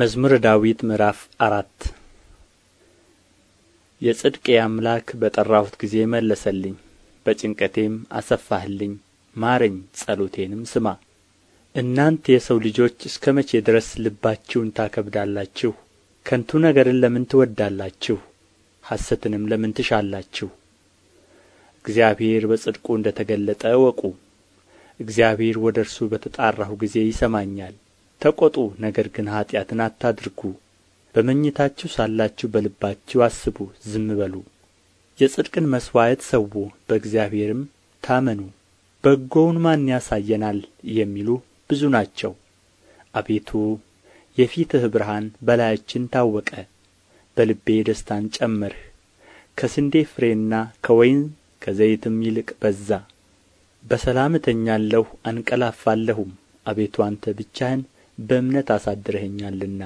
መዝሙር ዳዊት ምዕራፍ አራት የጽድቄ አምላክ በጠራሁት ጊዜ መለሰልኝ፣ በጭንቀቴም አሰፋህልኝ፣ ማረኝ፣ ጸሎቴንም ስማ። እናንተ የሰው ልጆች እስከ መቼ ድረስ ልባችሁን ታከብዳላችሁ? ከንቱ ነገርን ለምን ትወዳላችሁ? ሐሰትንም ለምን ትሻላችሁ? እግዚአብሔር በጽድቁ እንደ ተገለጠ እወቁ። እግዚአብሔር ወደ እርሱ በተጣራሁ ጊዜ ይሰማኛል። ተቆጡ ነገር ግን ኃጢአትን አታድርጉ። በመኝታችሁ ሳላችሁ በልባችሁ አስቡ፣ ዝም በሉ። የጽድቅን መሥዋዕት ሰዉ፣ በእግዚአብሔርም ታመኑ። በጎውን ማን ያሳየናል የሚሉ ብዙ ናቸው። አቤቱ የፊትህ ብርሃን በላያችን ታወቀ። በልቤ ደስታን ጨመርህ። ከስንዴ ፍሬና ከወይን ከዘይትም ይልቅ በዛ። በሰላም እተኛለሁ አንቀላፋለሁም። አቤቱ አንተ ብቻህን በእምነት አሳድረኸኛልና